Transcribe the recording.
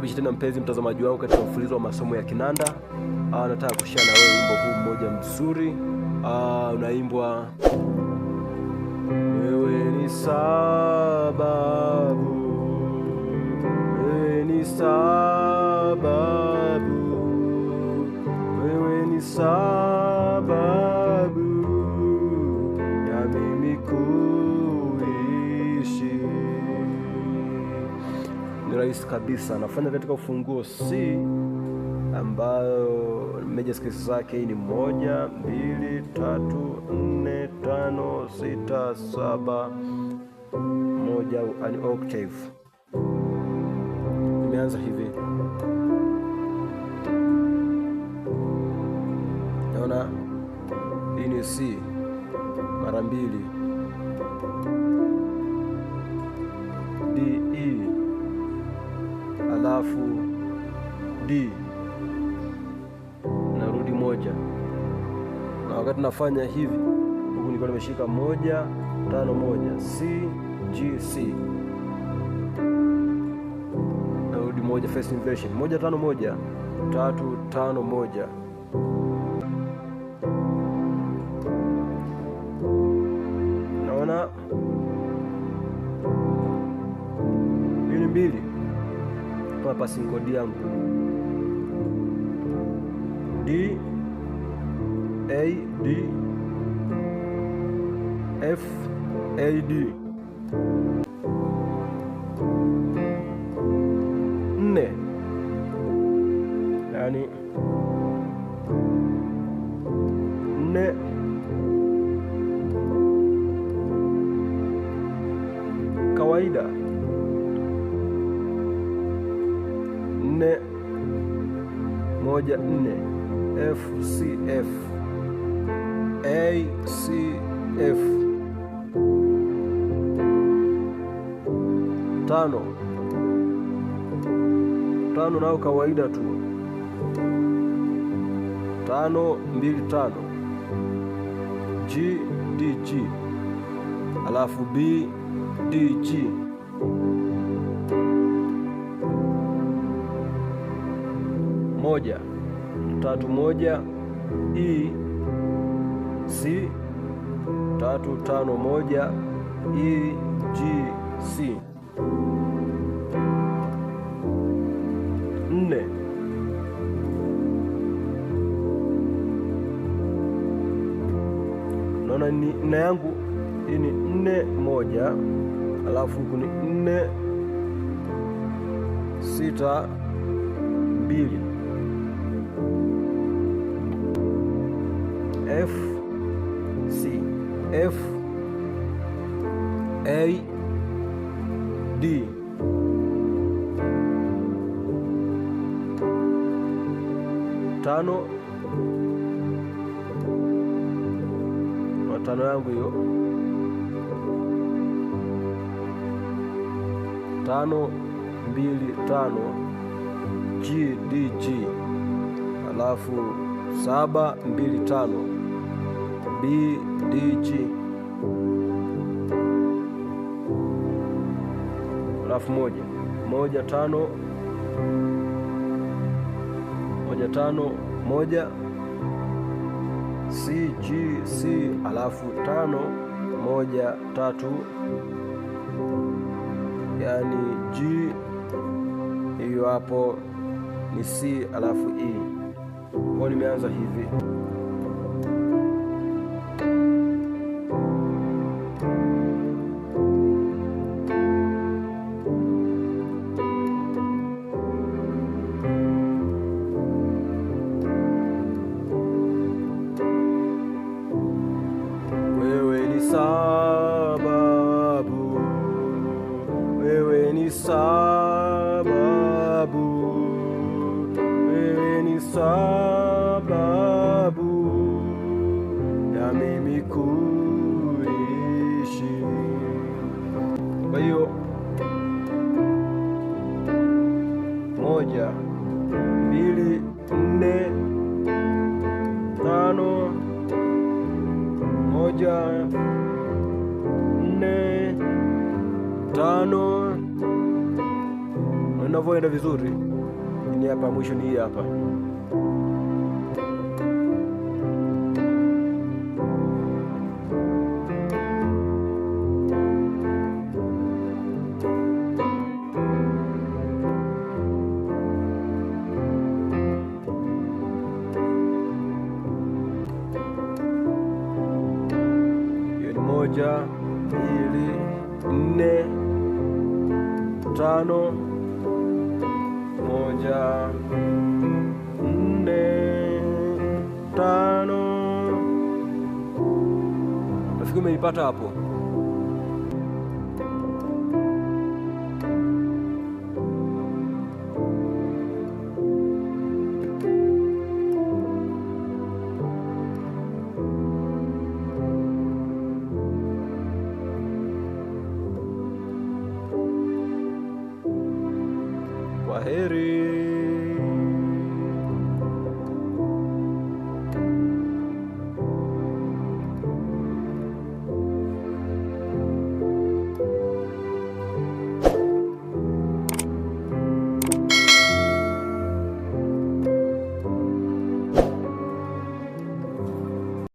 Nikukaribisha tena mpenzi mtazamaji wangu katika mfululizo wa masomo ya kinanda. Aa, ah, nataka kushare na wewe wimbo huu mmoja mzuri ah, unaimbwa wewe ni saa rahisi kabisa, nafanya katika ufunguo C ambayo major skesi zake hii ni moja, mbili, tatu, nne, tano, sita, saba, moja, an octave. Imeanza hivi, naona hii ni C mara mbili D E alafu D narudi moja, na wakati nafanya hivi huku nilikuwa nimeshika moja tano moja, C G C narudi moja, first inversion moja tano moja tatu tano moja naona hiyo ni mbili kama passing code yangu D A D F A D. Nne yani nne nne moja nne FCF ACF tano tano, nao kawaida tu tano mbili tano G G alafu B G moja tatu moja E C tatu tano moja E G C. Nne naona ni nne yangu hii ni nne moja, alafu huku ni nne sita mbili F C F A D tano watano yangu hiyo tano mbili tano G D G alafu saba mbili tano B, D, G alafu moja moja tano moja tano moja C, G, C alafu tano moja tatu yaani G hiyo hapo ni C alafu E. Kwa nimeanza hivi. sababu ya mimi kuishi. Kwa hiyo moja, mbili, nne, tano, moja, nne, tano, unavyoenda vizuri ni hapa, mwisho ni hii hapa. moja, mbili, nne, tano moja, nne, tano. Nafikiri umeipata hapo. Harry.